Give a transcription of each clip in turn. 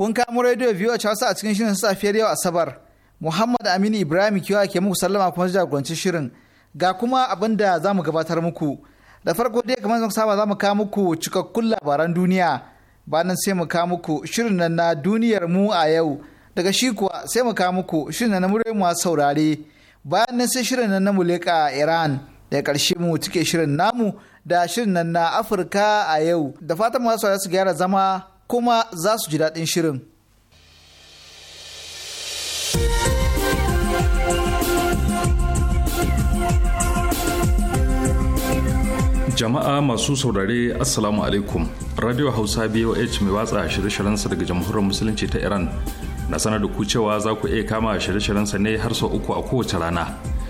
kun kamo rediyo biyu a Hausa a cikin shirin safiyar yau Asabar. Muhammad Aminu Ibrahim Kiyawa ke muku sallama kuma jagoranci shirin. Ga kuma abin da za mu gabatar muku. Da farko dai kamar zan saba za mu kawo muku cikakkun labaran duniya. Bayan sai mu kawo muku shirin nan na duniyar mu a yau. Daga shi kuwa sai mu kawo muku shirin nan na murai a saurare. Bayan nan sai shirin nan na muleka Iran. Daga ƙarshe mu cike shirin namu da shirin nan na Afirka a yau. Da fatan masu su gyara zama kuma za su ji daɗin shirin. jama'a masu saurare assalamu alaikum radio hausa boh mai watsa shirye-shiryensa daga jamhuriyar musulunci ta iran na sanar da ku cewa za ku iya kama shirye sa ne har sau uku a kowace rana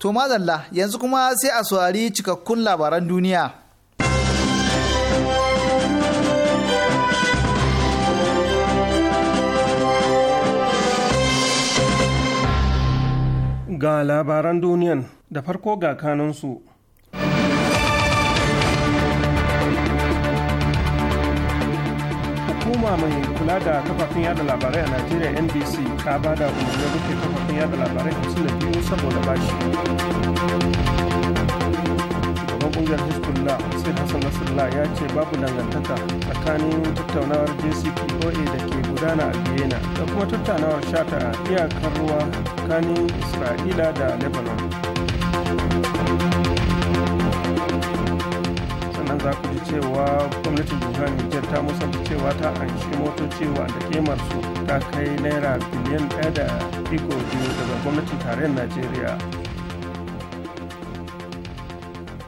To madalla yanzu kuma sai a saurari cikakkun labaran duniya. Ga labaran duniyan da farko ga kanunsu. hukuma mai kula da kafafen yada labarai a najeriya nbc ka ba da umarnin rufe kafafen yada labarai hamsin suna biyu saboda bashi shugaban kungiyar hezbollah sai hassan nasrallah ya ce babu dangantaka tsakanin tattaunawar jcpoa da ke gudana a vienna da kuma tattaunawar shata a iyakar ruwa tsakanin isra'ila da lebanon za ku ji cewa gwamnatin jihar nijar ta musanta cewa ta anshi motoci wanda kimar su ta kai naira biliyan ɗaya da iko biyu daga gwamnatin tarayyar najeriya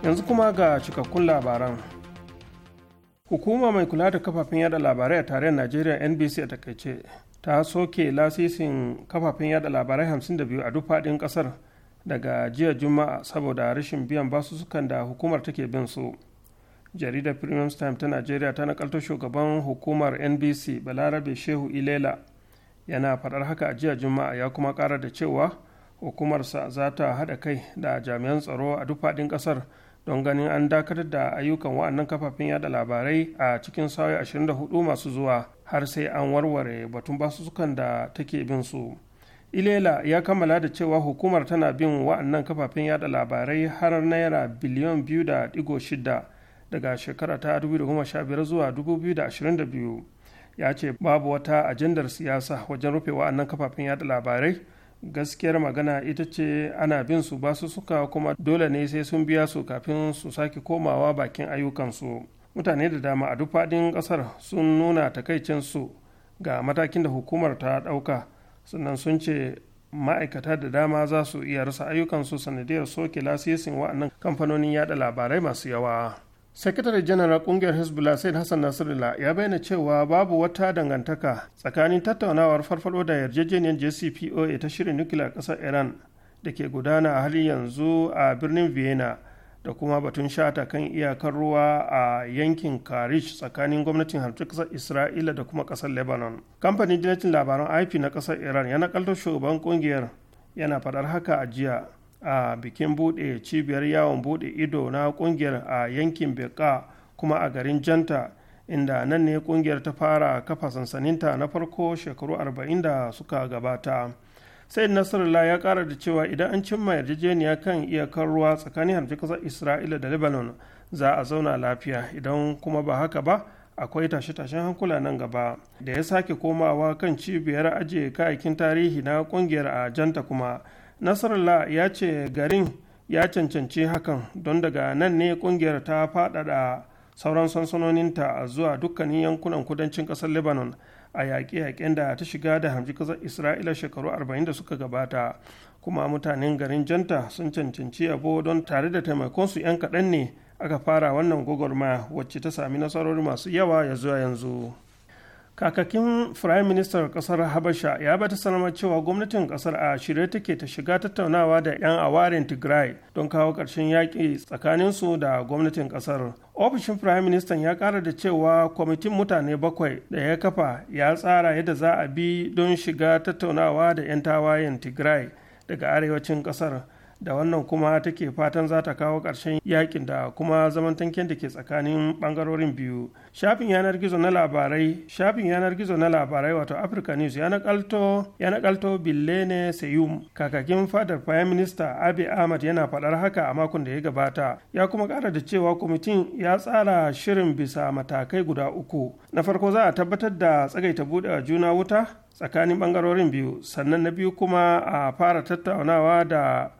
yanzu kuma ga cikakkun labaran hukuma mai kula da kafafen yada labarai a tarayyar najeriya nbc a takaice ta soke lasisin kafafen yada labarai hamsin da 52 a duk faɗin ƙasar daga jiya juma'a saboda rashin biyan basussukan da hukumar take bin su jaridar premium time ta najeriya ta nakalto shugaban hukumar nbc balarabe shehu ilela yana fadar haka a jiya juma'a ya kuma kara da cewa hukumarsa za ta hada kai da jami'an tsaro a duk faɗin ƙasar don ganin an dakatar da ayyukan wa'annan kafafen yada labarai a cikin sauyi 24 masu zuwa har sai an warware batun basussukan da take bin su ilela ya kammala da cewa hukumar tana bin wa'annan kafafen yada labarai har naira biliyan biyu da digo daga shekara ta 2015 zuwa 2022 ya ce babu wata ajandar siyasa wajen rufe wa'annan kafafen yada labarai gaskiyar magana ita ce ana bin su basu suka kuma dole ne sai sun biya su kafin su sake komawa bakin ayyukansu mutane da dama a duk faɗin ƙasar sun nuna takaicinsu ga matakin da hukumar ta ɗauka sannan sun ce ma'aikata da dama za su iya rasa ayyukansu sanadiyar soke lasisin wa'annan kamfanonin yada labarai masu yawa. sakatare Janaral kungiyar hezbollah said hassan nasrallah ya bayyana cewa babu wata dangantaka tsakanin tattaunawar farfado da yarjejeniyar jcpoa ta shirin nukiliya kasar iran da ke gudana a halin yanzu a birnin vienna da kuma batun shata kan iyakar ruwa a yankin karish tsakanin gwamnatin harcin kasar isra'ila da kuma kasar lebanon kamfanin jinacin labaran ip na kasar iran ya nakaltar shugaban kungiyar yana faɗar haka a jiya a bikin buɗe cibiyar yawon buɗe ido na ƙungiyar a yankin beka kuma a garin janta inda nan ne ƙungiyar ta fara kafa sansaninta na farko shekaru 40 da suka gabata sai nasarullah ya ƙara da cewa idan an cimma yarjejeniya kan iyakar ruwa tsakanin harbi ƙasar isra'ila da lebanon za a zauna lafiya idan kuma ba haka ba akwai tashe-tashen hankula nan gaba da ya sake komawa kan cibiyar ajiye kayakin tarihi na ƙungiyar a janta kuma nasarala ya ce garin ya cancanci hakan don daga nan ne kungiyar ta faɗaɗa sauran sansanoninta a zuwa dukkanin yankunan kudancin ƙasar lebanon a yaƙe-yaƙen da ta shiga da hamji ƙasar isra'ila shekaru 40 da suka gabata kuma mutanen garin janta sun cancanci yabo don tare da taimakonsu 'yan kaɗan ne aka fara wannan gwagwarmaya wacce ta sami nasarori masu yawa ya zuwa yanzu. kakakin firayim ministan kasar habasha ya bata sanarwar cewa gwamnatin kasar a shirye take ta shiga tattaunawa da 'yan awarin tigray don kawo ƙarshen yaƙi tsakaninsu da gwamnatin kasar ofishin firayim ministan ya ƙara da cewa kwamitin mutane bakwai da ya kafa ya tsara yadda za a bi don shiga tattaunawa da 'yan tawayen tigray daga arewacin kasar da wannan kuma take fatan za ta kawo ƙarshen yakin da kuma zaman tanken da ke tsakanin bangarorin biyu shafin yanar gizo na labarai shafin yanar gizo na labarai wato africa news ya nakalto ya nakalto billene seyum kakakin fadar prime minister abi ahmad yana faɗar haka a makon da ya gabata ya kuma ƙara da cewa kwamitin ya tsara shirin bisa matakai guda uku na farko za a tabbatar da tsagaita buɗe juna wuta tsakanin bangarorin biyu sannan na biyu kuma a fara tattaunawa da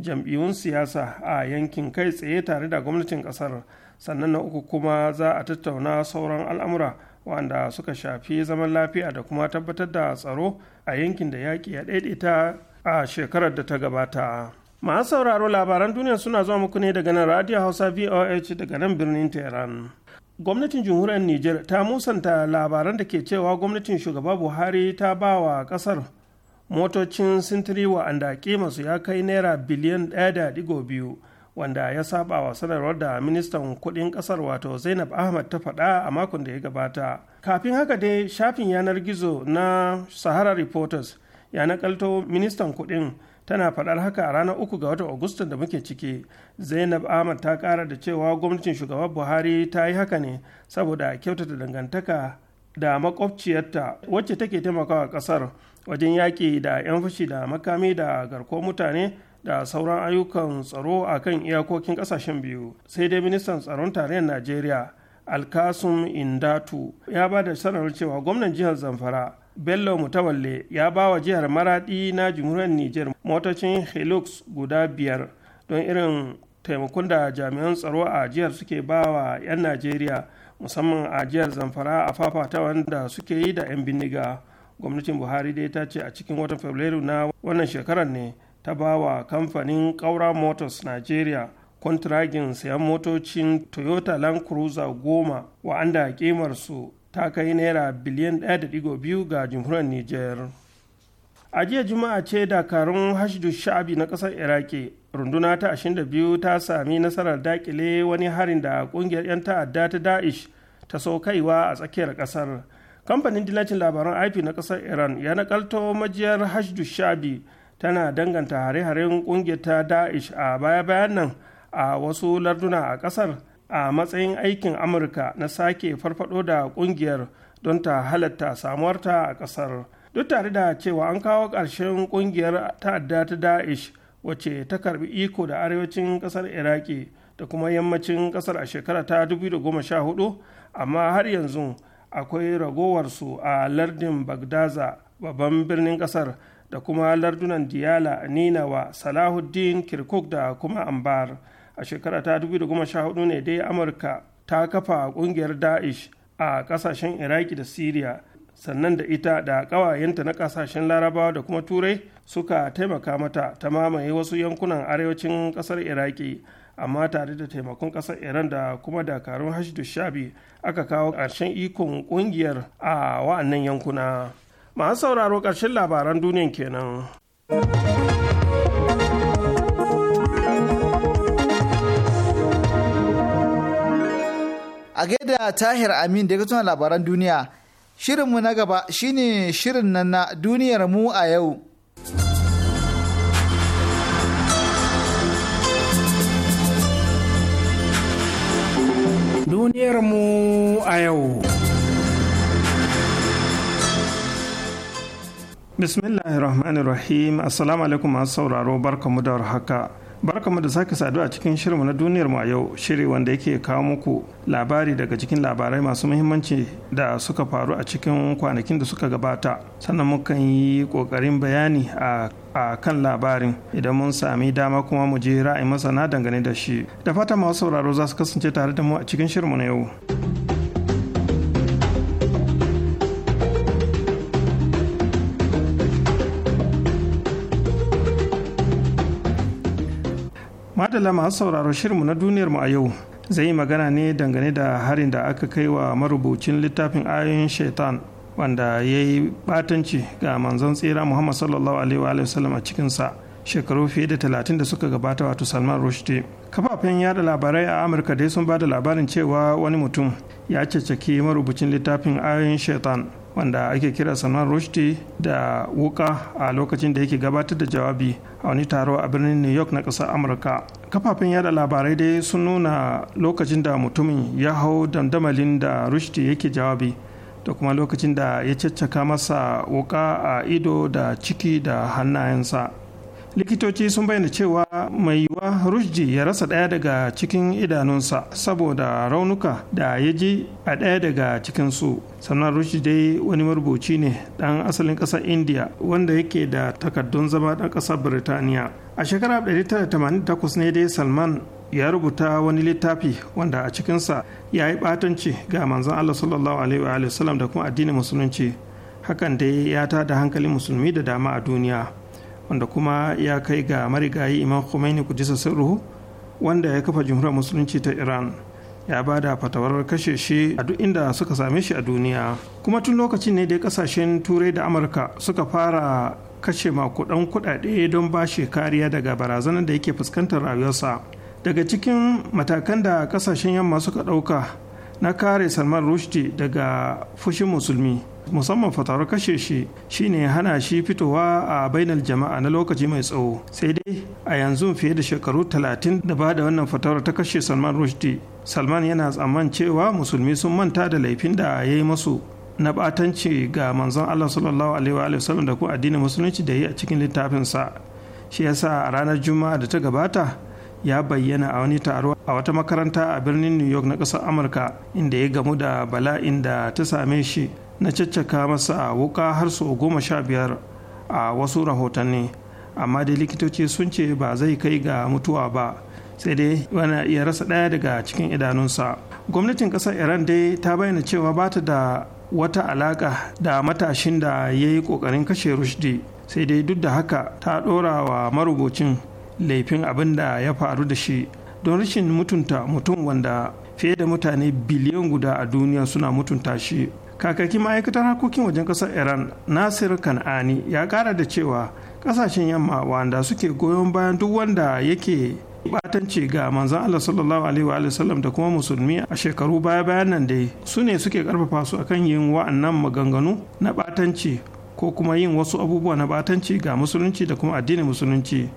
jam'iyyun siyasa a yankin kai tsaye tare da gwamnatin kasar sannan na uku kuma za a tattauna sauran al'amura wanda suka shafi zaman lafiya da kuma tabbatar da tsaro a yankin da yaƙi ya daidaita a shekarar da ta gabata masu sauraro labaran duniya suna zuwa muku ne daga nan radio hausa voh daga nan birnin tehran gwamnatin jamhuriyar niger ta musanta labaran da ke cewa gwamnatin shugaba buhari ta ba wa kasar motocin sintiri wa'anda masu ya kai naira biliyan biyu. wanda ya saba wa sanarwar da ministan kudin kasar wato zainab ahmad ta faɗa a makon da ya gabata kafin haka dai shafin yanar gizo na sahara reporters ya nakalto ministan kudin tana faɗar haka a ranar uku ga watan agustan da muke ciki zainab ahmad ta ƙara da cewa gwamnatin shugaban buhari ta yi haka ne saboda kyautata dangantaka da makwabciyarta wacce take taimakawa ƙasar wajen yaƙi da 'yan fushi da makami da garko mutane da sauran ayyukan tsaro a kan iyakokin ƙasashen biyu sai dai ministan tsaron tarayyar najeriya Alkasun indatu ya ba da sanarwar cewa gwamnan jihar zamfara bello mutawalle ya ba wa jihar maradi na jamhuriyar niger motocin helux guda biyar don irin taimakon da jami'an tsaro a jihar suke ba wa 'yan najeriya musamman a jihar zamfara a fafata wanda suke yi da 'yan bindiga gwamnatin buhari dai ta ce a cikin watan fabrairu na wannan shekarar ne ta ba wa kamfanin ƙaura motors nigeria kwantiragin sayan motocin toyota land cruiser goma wa'anda su ta kai naira biliyan 1.2 ga jamhuriyar niger a jiya juma'a ce dakarun hashdu sha'abi na kasar iraki runduna ta 22 ta sami nasarar dakile wani harin da ƙungiyar 'yan ta'adda ta da'ish ta sau kaiwa a tsakiyar ƙasar kamfanin dillacin labaran ip na kasar iran ya nakalto majiyar hashdu shabi tana danganta hare-haren kungiyar ta daesh a baya-bayan nan a wasu larduna a kasar a matsayin aikin amurka na sake farfado da kungiyar don ta halatta samuwarta a kasar. duk tare da cewa an kawo ƙarshen kungiyar ta'adda ta daesh wacce ta karbi iko da arewacin kasar iraki da kuma yammacin kasar a shekara ta 2014 amma har yanzu akwai ragowarsu a lardin bagdaza babban birnin kasar da kuma lardunan diyala ninawa salahuddin kirkuk da kuma ambar a shekara ta 2014 ne dai amurka ta kafa kungiyar daesh a kasashen iraki da syria sannan da ita da ƙawayenta na ƙasashen larabawa da kuma turai suka taimaka mata ta mamaye wasu yankunan arewacin ƙasar iraki amma tare da taimakon ƙasar iran da kuma dakarun hashdu shabi aka kawo ƙarshen ikon ƙungiyar a wa'annan yankuna masu sauraro ƙarshen labaran duniyan kenan a gaida tahir amin da ya labaran duniya shirinmu na gaba shine shirin nan na duniyar mu a yau a yau. Bismillahirrahmanirrahim Assalamu alaikum masu sauraro barkamu da haka. Barkamu da sake a cikin shirinmu na duniyar mu a yau shiri wanda yake kawo muku labari daga cikin labarai masu muhimmanci da suka faru a cikin kwanakin da suka gabata sannan mukan yi kokarin bayani a a kan labarin idan mun sami dama kuma mu je ra'ayi masana dangane da shi da fata masu sauraro za su kasance tare da mu a cikin shirinmu na yau. adala masu sauraro shirinmu na duniyarmu a yau zai yi magana ne dangane da harin da aka kai wa marubucin littafin ayoyin shaitan wanda ya yi batanci ga manzon tsira muhammad sallallahu alaihi wa sallam a cikinsa shekaru fiye da talatin da suka gabata wato salman rushdie kafafen yada labarai a amurka dai sun ba da labarin cewa wani mutum ya ceceki marubucin littafin ayoyin shaitan wanda ake kira salman rushdie da wuka a lokacin da yake gabatar da jawabi a wani taro a birnin new york na ƙasar amurka kafafen yada labarai dai sun nuna lokacin da mutumin ya hau dandamalin da rushdi yake jawabi da kuma lokacin da ya caccaka masa wuka a ido da ciki da hannayensa likitoci sun bayyana cewa mai yiwuwa rushdi ya rasa ɗaya daga cikin idanunsa saboda raunuka da ya ji a ɗaya daga cikinsu sannan rushdi dai wani marubuci ne ɗan asalin ƙasar india wanda yake da takardun zama ɗan ƙasar birtaniya a shekarar 1988 ne dai salman ya rubuta wani littafi wanda a cikinsa ya yi ɓatanci ga manzon allah sallallahu alaihi wa sallam da kuma addinin musulunci hakan dai ya da hankalin musulmi da dama a duniya wanda kuma ya kai ga marigayi imam khomeini kudisa sirruhu wanda ya kafa jamhuriyar musulunci ta iran ya ba da fatawar kashe shi a duk inda suka same shi a duniya kuma tun lokacin ne da kasashen turai da amurka suka fara kashe makudan kudade don ba shi kariya daga barazanar da yake fuskantar rayuwarsa daga cikin matakan da kasashen yamma suka dauka na kare salman rushdie daga fushin musulmi musamman fatawar kashe shi shine hana shi fitowa a bainar jama'a na lokaci mai tsawo sai dai a yanzu fiye da shekaru talatin da ba da wannan fatawar ta kashe salman Rushdi. salman yana tsamman cewa musulmi sun manta da laifin da ya yi masu na batanci ga manzon allah sallallahu alaihi wa sallam da kuma addinin musulunci da yi a cikin littafinsa shi yasa a ranar juma'a da ta gabata ya bayyana a wani taro a wata makaranta a birnin new york na ƙasar amurka inda ya gamu da bala'in da ta same shi na caccaka masa a wuka har sau goma sha biyar a wasu rahotanni amma dai likitoci sun ce ba zai kai ga mutuwa ba sai dai yana iya rasa ɗaya daga cikin idanunsa gwamnatin ƙasar iran dai ta bayyana cewa ba ta da wata alaƙa da matashin da ya yi ƙoƙarin kashe rushdi sai dai duk da haka ta ɗora wa marubucin laifin abin da ya faru da shi don rashin mutunta mutum wanda fiye da mutane biliyan guda a duniya suna mutunta shi kakakin ma'aikatar harkokin wajen kasar iran nasir kan'ani ya kara da cewa kasashen yamma wanda suke goyon bayan duk wanda yake batanci ga manzan Allah sallallahu alaihi wa sallam da kuma musulmi a shekaru baya bayan nan dai su ne suke karfafa su akan yin wa'annan maganganu na batanci ko kuma yin wasu abubuwa na batanci ga musulunci da kuma addinin musulunci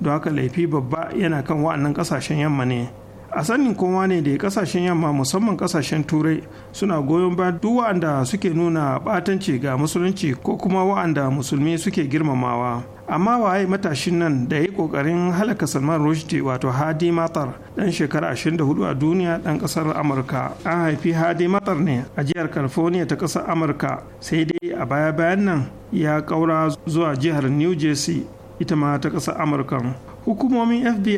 don haka laifi babba yana kan wa'annan kasashen yamma ne a sannin kowa ne da kasashen yamma musamman kasashen turai suna goyon ba duk wa'anda suke nuna batanci ga musulunci ko kuma wa'anda musulmi suke girmamawa amma waye matashin nan da ya yi kokarin halaka salman rushdie wato hadi matar dan shekara 24 a duniya dan kasar amurka an haifi hadi matar ne a jihar california ta kasar amurka sai dai a baya bayan nan ya kaura zuwa jihar new jersey ita ma ta kasar amurka hukumomin fbi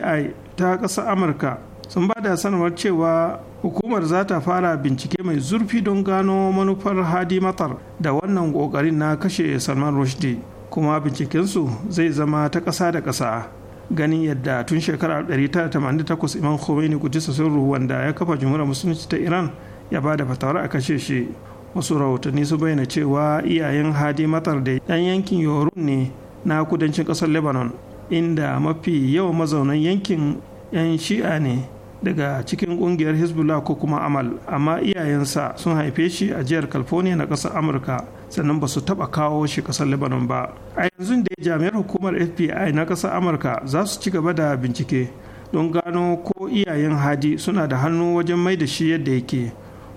ta kasar amurka sun ba da sanarwar cewa hukumar za ta fara bincike mai zurfi don gano manufar hadi matar da wannan kokarin na kashe salman rushdie kuma bincikensu zai zama ta ƙasa da ƙasa ganin yadda tun shekarar 1988 Iman khomeini Sassan sirru wanda ya kafa jumhuriyar musulunci ta iran ya ba da fatawar a kashe shi wasu rahotanni su bayyana cewa iyayen hadi matar da yan yankin yorun ne na kudancin ƙasar lebanon inda mafi yawan mazaunan yankin yan shi'a ne daga cikin kungiyar hezbollah ko kuma amal amma iyayensa sun haife shi a jihar california na ƙasar amurka sannan ba su taɓa kawo shi ƙasar lebanon ba a yanzu da jami'ar hukumar fbi na ƙasar amurka za su ci gaba da bincike don gano ko iyayen hadi suna da hannu wajen mai da shi yadda yake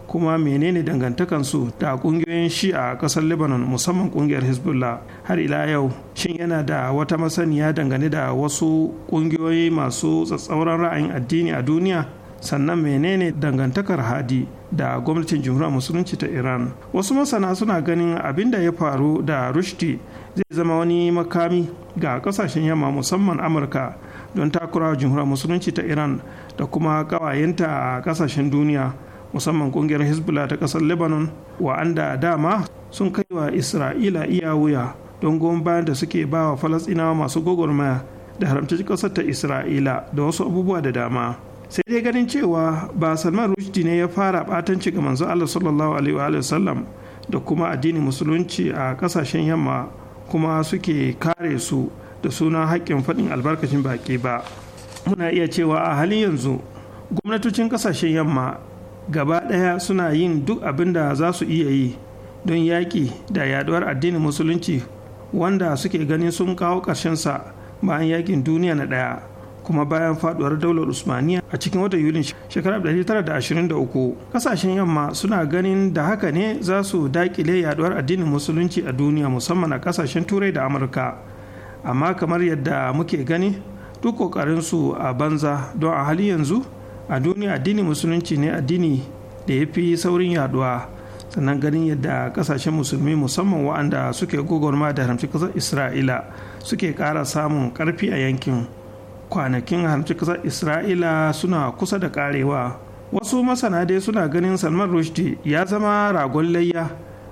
kuma menene dangantakansu da kungiyoyin shi'a a kasar lebanon musamman kungiyar hezbollah har ila yau shin yana da wata masaniya dangane da wasu kungiyoyi masu tsatsauran ra'ayin addini a duniya sannan menene dangantakar hadi da gwamnatin jamhuriyar musulunci ta iran wasu masana suna ganin abin da ya faru da rushdi zai zama wani makami ga kasashen yamma musamman amurka don takurawa jamhuriyar musulunci ta iran da kuma kawayenta a kasashen duniya musamman kungiyar hezbollah ta kasar lebanon wa'anda dama sun kai wa isra'ila iya wuya don goma bayan da suke ba wa falasɗinawa masu gwagwarmaya da haramci kasar ta isra'ila da wasu abubuwa da dama sai dai ganin cewa ba salman rushdie ne ya fara batanci ga manzo allah sallallahu alaihi wa sallam da kuma addinin musulunci a kasashen yamma kuma suke kare su da suna haƙƙin faɗin albarkacin baƙi ba muna iya cewa a halin yanzu gwamnatocin kasashen yamma gaba ɗaya suna yin duk abin da za su iya yi don yaƙi da yaduwar addinin musulunci wanda suke ganin sun kawo ƙarshen sa, bayan yaƙin duniya na ɗaya kuma bayan faduwar daular usmaniya a cikin watan yulin shekarar 1923 kasashen yamma suna ganin da haka ne za su daƙile yaduwar addinin musulunci a duniya musamman a kasashen turai da amurka amma kamar yadda muke gani duk ƙoƙarinsu a banza don a hali yanzu a duniya addinin musulunci ne addini da ya fi saurin yaduwa sannan ganin yadda kasashen musulmi musamman waɗanda suke gogorma da haramci kasar isra'ila suke ƙara samun ƙarfi a yankin kwanakin haramci kasar isra'ila suna kusa da ƙarewa wasu masana dai suna ganin salman Rushdi ya zama ragon layya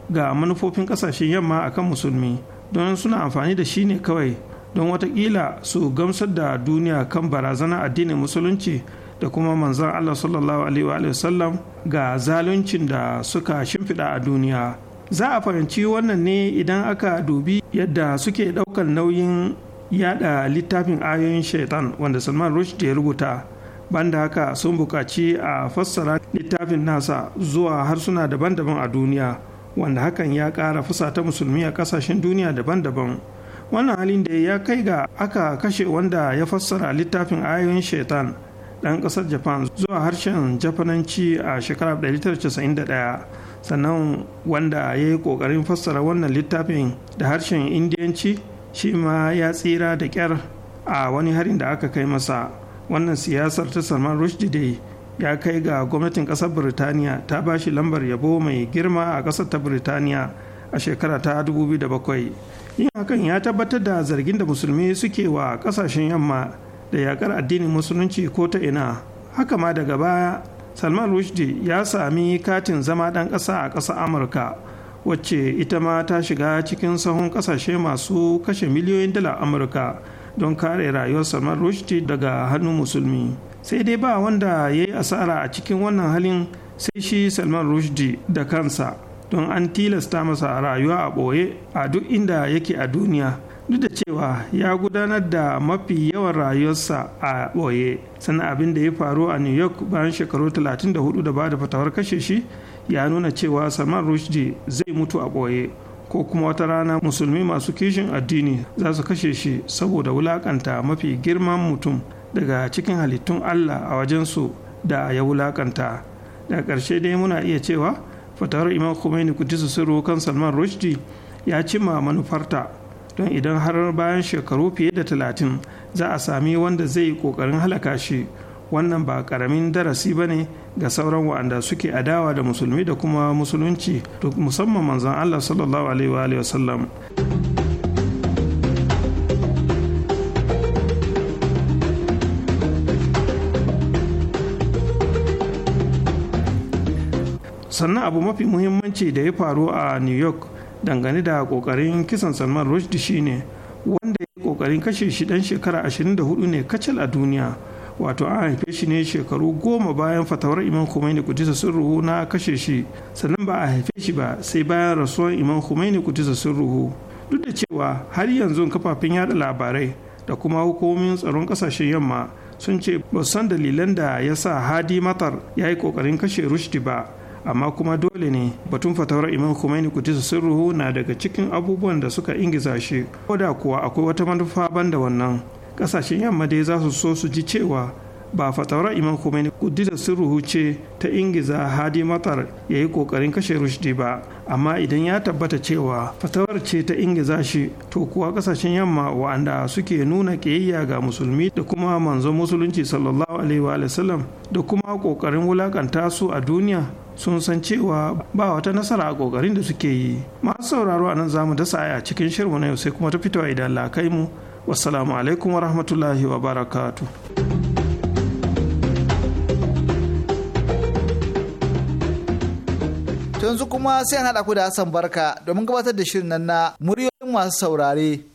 ga manufofin kasashen yamma akan musulmi don suna amfani da shi ne kawai don watakila su gamsar da duniya kan barazana addinin musulunci da kuma manzon Allah sallallahu alaihi sallam ga zaluncin da suka shimfiɗa a duniya za a fahimci wannan ne idan aka dubi yadda suke ɗaukar nauyin yada littafin ayoyin shaitan wanda salman rushdie ya rubuta banda haka sun buƙaci a fassara littafin nasa zuwa harsuna daban-daban a duniya wanda hakan ya ƙara fusata musulmi a ƙasashen duniya daban-daban wannan halin da ya kai ga aka kashe wanda ya fassara littafin ayoyin shaitan ɗan ƙasar japan zuwa harshen jafananci a shekarar 1991 sannan wanda ya yi ƙoƙarin fassara wannan littafin da harshen indiyanci shi ma ya tsira da ƙyar a wani harin da aka kai masa wannan siyasar ta salman rushdie ya kai ga gwamnatin ƙasar birtaniya ta ba shi lambar yabo mai girma a ƙasar ta birtaniya a shekara ta 2007 yin hakan ya tabbatar da zargin da musulmi suke wa ƙasashen yamma da yakar addinin musulunci ko ta ina haka ma daga baya salman rushdie ya sami katin zama ɗan ƙasa a ƙasa amurka wacce ita ma ta shiga cikin sahun ƙasashe masu kashe miliyoyin dala amurka don kare rayuwar salman rushdie daga hannun musulmi sai dai ba wanda ya yi asara a cikin wannan halin sai shi salman rushdie da kansa don an tilasta masa rayuwa a ɓoye a duk inda yake a duniya duk da cewa ya gudanar da mafi yawan rayuwarsa a ɓoye sannan abin da ya faru a new york bayan shekaru 34 da ba da fatawar kashe shi ya nuna cewa salman rushdie zai mutu a ɓoye ko kuma wata rana musulmi masu kishin addini za su kashe shi saboda wulakanta mafi girman mutum daga cikin halittun allah a wajensu da ya wulakanta daga ƙarshe dai muna iya cewa fatawar imam khomeini kudisu sirru kan salman rushdie ya cimma manufarta don idan har bayan shekaru fiye da talatin za a sami wanda zai yi ƙoƙarin halaka shi wannan ba karamin darasi ba ne ga sauran wa'anda suke adawa da musulmi da kuma musulunci musamman manzon allah sallallahu alaihi wasallam sannan abu mafi muhimmanci da ya faru a new york dangane da kokarin kisan salman rushdie shine wanda ya kokarin kashe shi dan shekara 24 ne kacal a duniya wato an haife shi ne shekaru goma bayan fatawar imam khomeini kudisa sirruhu na kashe shi sannan ba a haife shi ba sai bayan rasuwar imam khomeini kudisa sirruhu duk da cewa har yanzu kafafen yada labarai da kuma hukumomin tsaron kasashen yamma sun ce ba san dalilan da ya sa hadi matar ya yi kokarin kashe Rushdie ba amma kuma dole ne batun fatawar imam Khomeini kudisa sirruhu na daga cikin abubuwan da suka ingiza shi ko da kuwa akwai wata manufa banda wannan kasashen yamma dai za su so su ji cewa ba fatawar imam Khomeini tisa sirruhu ce ta ingiza hadi matar ya yi kokarin kashe rushdi ba amma idan ya tabbata cewa fatawar ce ta ingiza shi to kuwa kasashen yamma wa'anda suke nuna kiyayya ga musulmi da kuma manzon musulunci sallallahu alaihi wa sallam da kuma kokarin wulakanta su a duniya sun san cewa ba wata nasara a kokarin da suke yi masu sauraro a nan zamu dasa aya cikin shirmu na yau sai kuma ta fitowa idan Allah kai mu wassalamu alaikum wa rahmatullahi wa barakatuh yanzu kuma sai an haɗa ku da asan Barka domin gabatar da shirin nan na muryoyin masu saurare.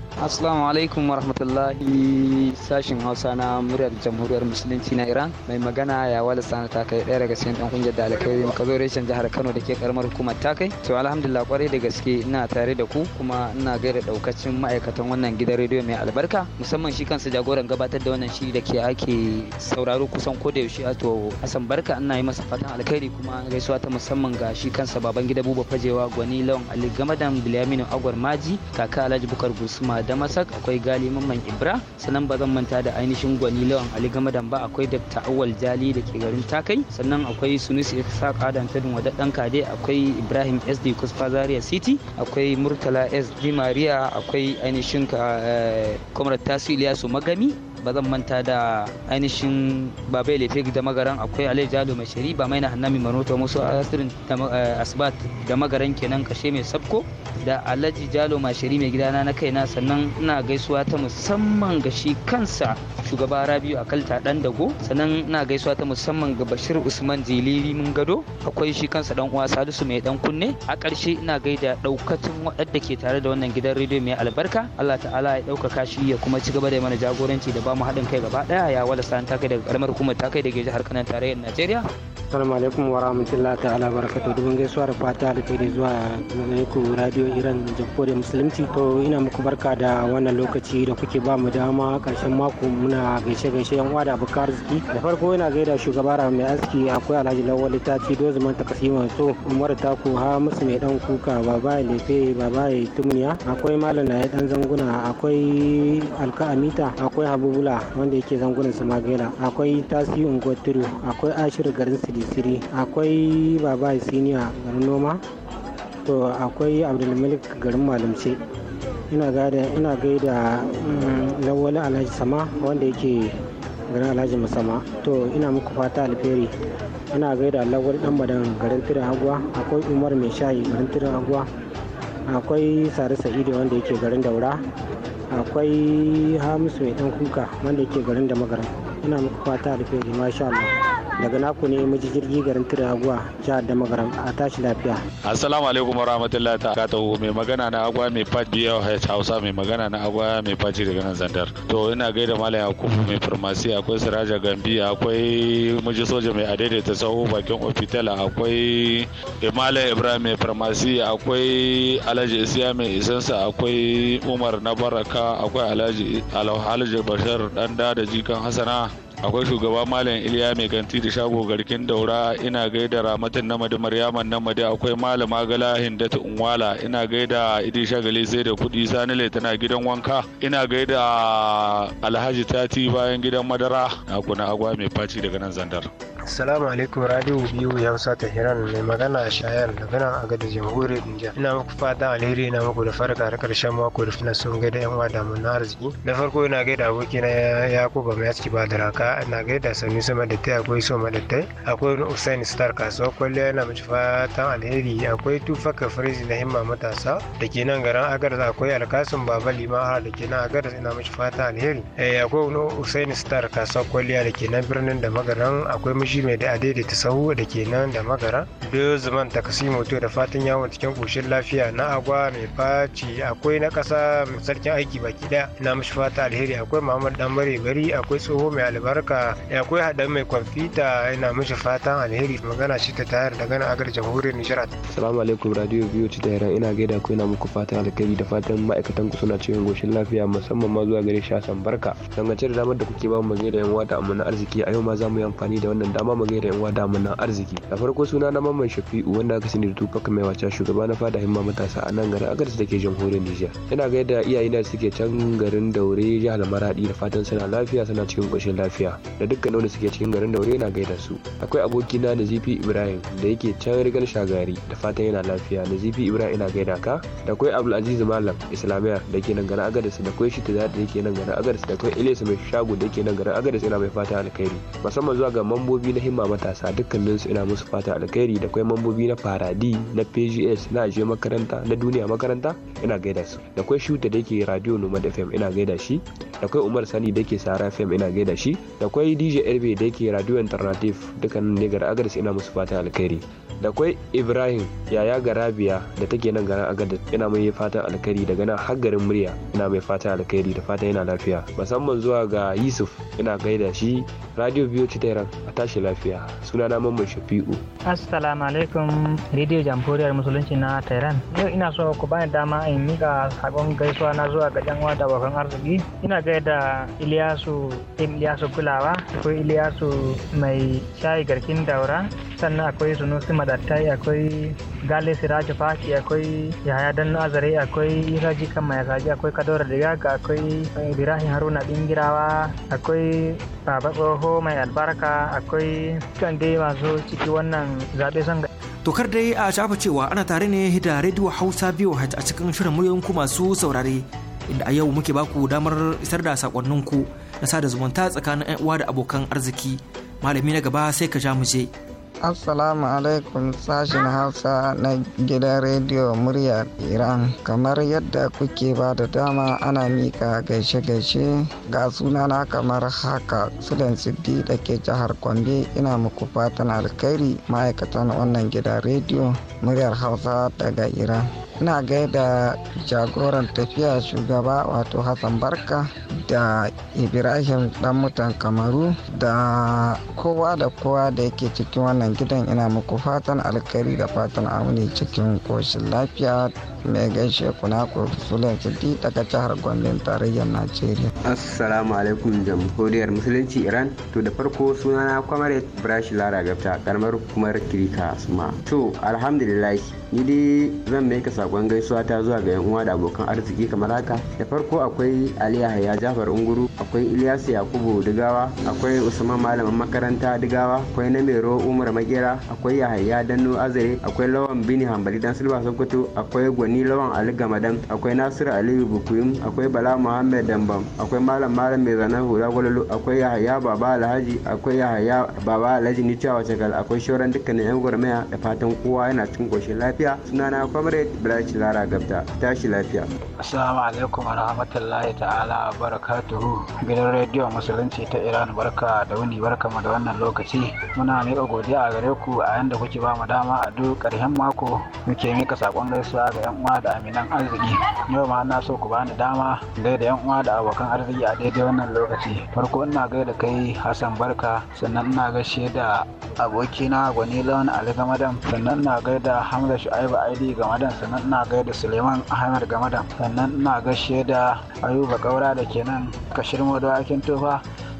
Assalamu alaikum warahmatullahi sashin Hausa na muryar Jamhuriyar Musulunci na Iran mai magana ya wala sana ta kai ɗaya daga cikin ɗan kungiyar da alkhairi muka zo reshen jihar Kano da ke karamar hukumar ta kai to alhamdulillah kwarai da gaske ina tare da ku kuma ina gaida daukacin ma'aikatan wannan gidan rediyo mai albarka musamman shi kansa jagoran gabatar da wannan shiri da ke ake sauraro kusan ko da yaushe to Hassan Barka ina yi masa fatan alkhairi kuma gaisuwa ta musamman ga shi kansa baban gida Buba Fajewa Gwani Lawan Ali Gamadan bilyaminu Agwar Maji kaka Alhaji Bukar Gusuma damasak akwai gali mamman ibra sannan ba zan manta da ainihin gwani lawan ali gamadan ba akwai Dr awal jali da ke garin takai sannan akwai sunusi isaac adam tudun wada dan kade akwai ibrahim sd kusfa zaria city akwai murtala sd maria akwai ainihin ka kwamrat eh, tasu iliyasu magami ba zan manta da ainihin babai lefe da magaran akwai alai jalo mai shari ba mai na hannami manoto musu asirin eh, asibat da magaran kenan kashe mai sabko da alaji jalo mai shari mai gidana na kaina sannan ina gaisuwa ta musamman ga shi kansa shugaba rabiu kalta dan dago sannan ina gaisuwa ta musamman ga bashir usman jiliri mun gado akwai shi kansa dan uwa salisu mai dan kunne a ƙarshe ina gaida daukacin waɗanda ke tare da wannan gidan rediyo mai albarka allah ta'ala ya ɗaukaka shi ya kuma ci gaba da mana jagoranci da ba mu haɗin kai gaba ɗaya ya wala sa'an ta kai daga karamar hukumar ta kai daga jihar kanan tarayyar najeriya salamu alaikum wa rahmatullahi ta'ala barakatuh dubin gaisuwa da fata da kai zuwa alaikum radio iran da musulunci to ina muku barka da wannan lokaci da kuke ba mu dama karshen mako muna gaishe gaishe yan uwa da abokan arziki da farko ina gaida shugaba rahama mai aski akwai alhaji lawal ta ci zaman man ta kasima so umar ku ha musu mai dan kuka baba lefe baba tumniya akwai malam na dan zanguna akwai alka amita akwai habubu Sula wanda yake zangunan Samagera akwai Tasi Ungoturu akwai Ashir garin Silisiri akwai Baba Siniya garin Noma to akwai Abdulmalik garin Malumce ina gaida ina gaida mm, Lawali Alhaji Sama wanda yake garin Alhaji Musama to ina muku fata alheri ina gaida Lawali dan madan garin Tirin Agwa akwai Umar Mai Shayi garin Tirin Agwa akwai sare sa'idu wanda yake garin daura akwai hamisu mai dan kuka wanda yake garin da magaran ina muku fata alheri masha Allah daga naku ne miji jirgi garin Tiraguwa jihar da a tashi lafiya. Assalamu alaikum wa rahmatullahi ta kata mai magana na agwa mai fat biya Hausa mai magana na agwa mai faci daga nan zandar. To ina gaida malam kufu mai farmasi akwai Siraja gambi akwai miji soja mai adaidaita sahu bakin ofitala akwai Imala Ibrahim mai farmasi akwai Alhaji Isiya mai isansa akwai Umar na Baraka akwai Alhaji Alhaji Bashar dan da jikan Hassana akwai shugaba malam iliya mai ganti da shago garkin daura ina gaida ramatin namadi maryaman namadi akwai malama gala hindatu unwala ina gaida idi shagali sai da kudi sanile tana gidan wanka ina gaida alhaji tati bayan gidan madara na kuna agwa mai faci daga nan zandar. Assalamu alaikum radio biyu ya wasa ta hiran mai magana a shayar daga nan a gada jamhuriyar Nijar. Ina muku fata alheri ina muku da farka da karshen mako da fina sun gaida yan wada mun na arziki. Na farko ina gaida aboki na Yakuba mai aski ba da raka ina gaida Sami Sama da tai akwai so da tai akwai Usaini Star kasuwa kwalliya ina miki fatan alheri akwai Tufaka Firizi na himma matasa da ke nan garin Agarz akwai Alkasun Baba Limaha da ke nan agar ina fatan alheri. Eh, akwai Usaini Star kasuwa kwalliya da ke nan birnin da magaran akwai shi mai da adaidaita sahu da ke nan da magara biyo zuman takasimu to da fatan yawon cikin koshin lafiya na agwa mai faci akwai na kasa sarkin aiki baki daya ina mashi fata alheri akwai muhammad dan bare bari akwai tsoho mai albarka akwai haɗa mai kwamfuta ina mashi fatan alheri magana shi ta tayar da gana agar jamhuriyar nijar salamu alaikum radio biyu ci tahiran ina gaida ku ina muku fatan alheri da fatan ma'aikatan ku suna cikin goshin lafiya musamman ma zuwa gare shi barka dangance da damar da kuke ba mu da yan wata amma na arziki a yau ma za mu yi amfani da wannan na ma magaida yan wada na arziki da farko suna na mamman shafi'u wanda aka sani da tupac mai wacha shugaba na fada himma matasa a nan garin agadis da ke jamhuriyar nijar ina gaida iyayena da suke can garin daure jihar maradi da fatan suna lafiya suna cikin ƙoshin lafiya da dukkan wanda suke cikin garin daure ina gaida su akwai abokina na zifi ibrahim da yake can rigar shagari da fatan yana lafiya na zifi ibrahim ina gaida ka da akwai abdulaziz malam islamiyya da ke nan garin agadis da akwai shi da yake nan garin agadis da akwai ilyas mai shago da yake nan garin agadis yana mai fata alkhairi musamman zuwa ga mambobi na himma matasa dukkanin su ina musu fata alkhairi da kwai mambobi na faradi na pgs na ajiye makaranta na duniya makaranta ina gaida su da kwai shuta da yake radio nomad fm ina gaida shi da kwai umar sani da ke sara fm ina gaida shi da kwai dj rb da yake radio alternative dukkanin negar agadis ina musu fata alkhairi da kwai ibrahim yaya garabiya da take nan garin agadis ina mai fatan alkhairi daga nan har garin murya ina mai fatan alkhairi da fatan yana lafiya musamman zuwa ga yusuf ina gaida shi radio biyu ci a tashi lafiya suna sunana mamman shafi'u assalamu alaikum rediyo jamhuriyar musulunci na tehran yau ina so ku bani dama in mika sakon gaisuwa na zuwa ga yan da abokan arziki ina gaida iliyasu iliyasu kulawa ko iliyasu mai shayi garkin daura sannan akwai sunusi madattai akwai gale siraji faki akwai yahaya dan nazare akwai iraji kan mai akwai kadora da yaga akwai ibrahim haruna bingirawa akwai baba tsoho mai albarka akwai kan dai masu ciki wannan zaɓe son tokar dai a shafa cewa ana tare ne da rediyo hausa biyu a cikin shirin muryoyin masu saurare inda a yau muke baku damar isar da sakonninku na sada zumunta tsakanin 'yan uwa da abokan arziki malami na gaba sai ka ja mu je Assalamu alaikum sashen Hausa na gidan rediyo muryar Iran. Kamar yadda kuke ba da dama ana mika gaishe-gaishe ga sunana kamar haka Sudan Siddi da ke jihar Kwambe ina muku fatan alkhairi ma'aikatan wannan gidan rediyo muryar Hausa daga Iran. ina gaida jagoran tafiya shugaba wato hassan barka da ibrahim dan mutan kamaru da kowa da kowa da yake cikin wannan gidan ina muku fatan alkari da fatan auni cikin koshin lafiya mai gaishe kuna ko sulan daga jihar Gombe tarayyar Najeriya. Assalamu alaikum jamhuriyar musulunci Iran. To da farko suna sunana Kwamare Brashi Lara Gafta karamar hukumar Kirika suma To alhamdulillah ni dai zan mai ka sakon gaisuwa ta zuwa ga yan uwa da abokan arziki kamar haka. Da farko akwai Ali Yahaya Jafar Unguru, akwai Ilyasu Yakubu Digawa, akwai Usman malamin makaranta Digawa, akwai Namero Umar Magera, akwai Yahaya Danno Azare, akwai Lawan Bini Hambali Dan Silva Sokoto, akwai Gwani ni lawan ali gamadan akwai nasiru aliyu bukuyum akwai bala muhammed dambam akwai malam malam mai zanen hula gwalolo akwai yahaya baba alhaji akwai yahaya baba alhaji ni cewa shagal akwai shoran dukkanin yan gwarmaya da fatan kowa yana cikin koshin lafiya sunana comrade ibrahim lara gabta tashi lafiya assalamu alaikum wa rahmatullahi ta'ala barakatuhu gidan rediyo musulunci ta iran barka da wuni barka mu da wannan lokaci muna miƙa godiya a gare ku a yanda kuke ba mu dama a duk ƙarshen mako muke miƙa saƙon gaisuwa ga yan uwa da aminan arziki yau ma na so ku bani dama gaida yan uwa da abokan arziki a daidai wannan lokaci farko ina gaida kai hassan barka sannan ina gaishe da abokina gwani lawan ali gamadan sannan ina gaida hamza shu'aibu aidi gamadan sannan ina gaida suleiman ahmed gamadan sannan ina gaishe da ayuba kaura da ke nan kashir madawakin tofa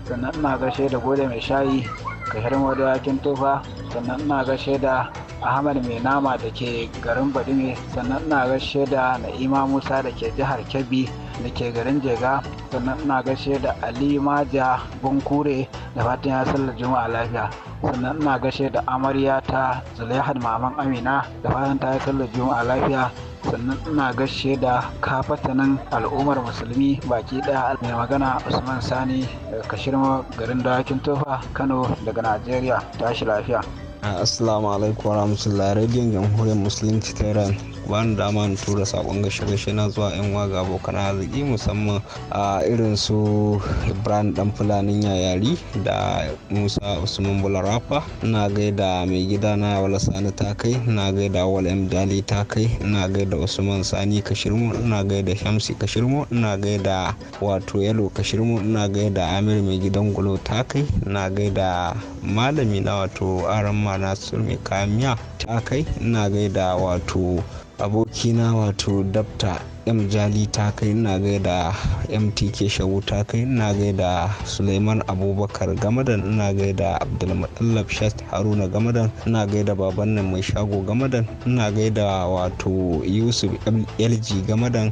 sannan ina gaishe da gode mai shayi kashir madawakin tofa sannan ina gaishe da ahmad mai nama da ke garin badime sannan ina gaishe da na'ima musa da ke jihar kebbi da ke garin jega sannan ina gaishe da ali maja bunkure da fatan ya sallar juma'a lafiya sannan ina gaishe da amarya ta zulaihad maman amina da fatan ta yi sallar juma'a lafiya sannan ina gaishe da kafatanin al'ummar musulmi baki daya mai magana usman sani daga kashirma garin dawakin tofa kano daga najeriya tashi lafiya assalamu alaikum warahmatullahi radiyon jamhuriyar musulunci ta iran bani dama na tura sakon gashe-gashe na zuwa yan waga abokan arziki musamman a irin su ibrahim dan fulanin yayari da musa usman bularafa na gaida mai gida na wala sani ta kai na gaida wala mdali ta kai na gaida usman sani kashirmu na gaida shamsi kashirmu na gaida wato yalo kashirmu na gaida amir mai gidan gulo ta kai na gaida malami na wato aran mana mai kamiya ta kai na gaida wato abokina wato dabta m jali ta kai ina gaida mtk shagu ta kai ina gaida suleiman abubakar gamadan ina gaida abdulmutallab shat haruna gamadan ina gaida baban nan mai shago gamadan ina gaida wato yusuf lg gamadan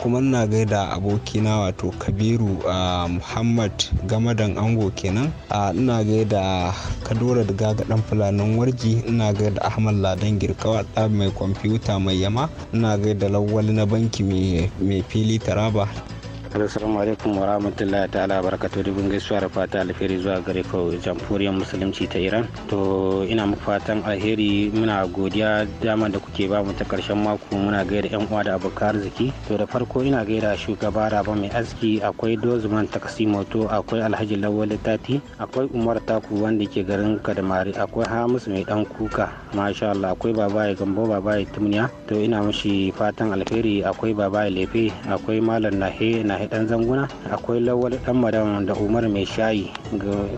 kuma ina gaida abokina wato kabiru muhammad gamadan ango kenan ina gaida kadora da gagadan fulanin warji ina gaida ahmad ladan girkawa mai kwamfuta mai yama ina gaida lawali na banki mai fili taraba assalamu alaikum wa rahmatullahi ta'ala barakatu dubin gaisuwa da fata alheri zuwa gare ku jamhuriyar musulunci ta iran to ina muku fatan alheri muna godiya dama da kuke ba mu ta karshen mako muna gaida yan uwa da abokan arziki to da farko ina gaida shugaba raba mai aski akwai dozman takasi moto akwai alhaji lawal tati akwai umar taku wanda ke garin kadamari akwai hamus mai dan kuka masha allah akwai babaye gambo babaye tumniya to ina mashi fatan alheri akwai babaye lefe akwai malam nahe shahi dan zanguna akwai lawal dan madam da umar mai shayi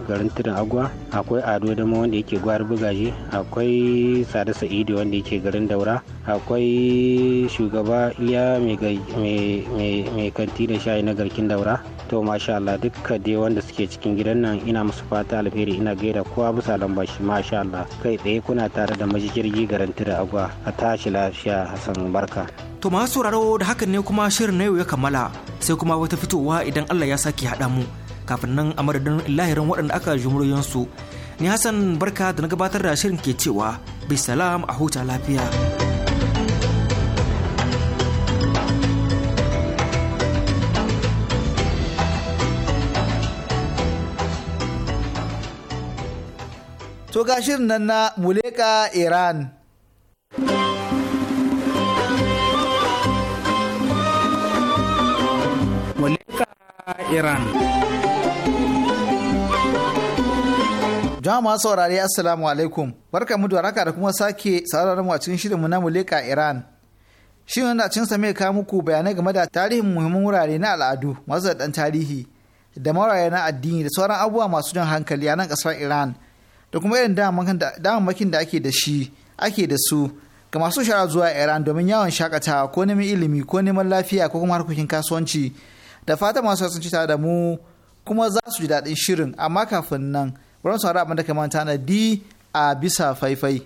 garin tudun agwa akwai ado dama wanda yake gwar bugaje akwai sada sa'idu wanda yake garin daura akwai shugaba iya mai kanti da shayi na garkin daura to masha Allah dukkan dai wanda suke cikin gidan nan ina musu fata alheri ina gaida kowa bisa lamba shi masha Allah kai tsaye kuna tare da majigirgi garin tudun agwa a tashi lafiya hassan barka To masu sauraro da hakan ne kuma shirin na yau ya kammala sai kuma wata fitowa idan Allah ya sake haɗa mu kafin nan a madadin lahirin waɗanda aka su Ni Hassan barka da na gabatar da shirin ke cewa salam a huta lafiya. To ga shirin nan na Muleka Iran. mulika iran jama'a saurari assalamu alaikum barka mu da raka da kuma sake sauraron mu a cikin shirinmu na mulika iran shin wanda cin sa mai kawo muku bayanai game da tarihin muhimman wurare na al'adu masu da tarihi da mawaya na addini da sauran abubuwa masu jan hankali a nan kasar iran da kuma irin damammakin da ake da shi ake da su ga masu shara zuwa iran domin yawon shakatawa ko neman ilimi ko neman lafiya ko kuma harkokin kasuwanci da fata masu sun ci tare da mu kuma za su ji daɗin shirin amma kafin nan wurin su abin da kamar tanadi a bisa faifai.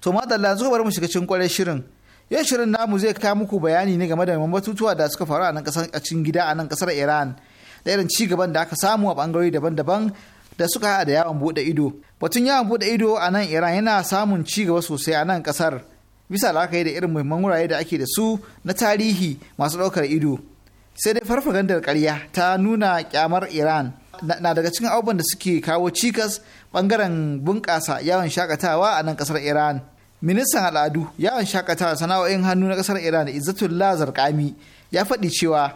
To madalla zuwa bari mu shiga cikin kwarai shirin. Yau shirin namu zai kawo muku bayani ne game da batutuwa da suka faru a nan kasar a cikin gida a nan kasar Iran. da irin ci gaban da aka samu a bangarori daban-daban da suka haɗa da yawon buɗe ido. Batun yawon buɗe ido a nan Iran yana samun ci gaba sosai a nan ƙasar. Bisa la'akari da irin muhimman wurare da ake da su na tarihi masu ɗaukar ido. Sai dai farfagandar ƙarya ta nuna kyamar Iran na daga cikin abubuwan da suke kawo cikas ɓangaren bunƙasa yawon shakatawa a nan ƙasar Iran. Ministan al'adu yawon shakatawa sana'o'in hannu na ƙasar Iran Izzatullah Zarkami ya faɗi cewa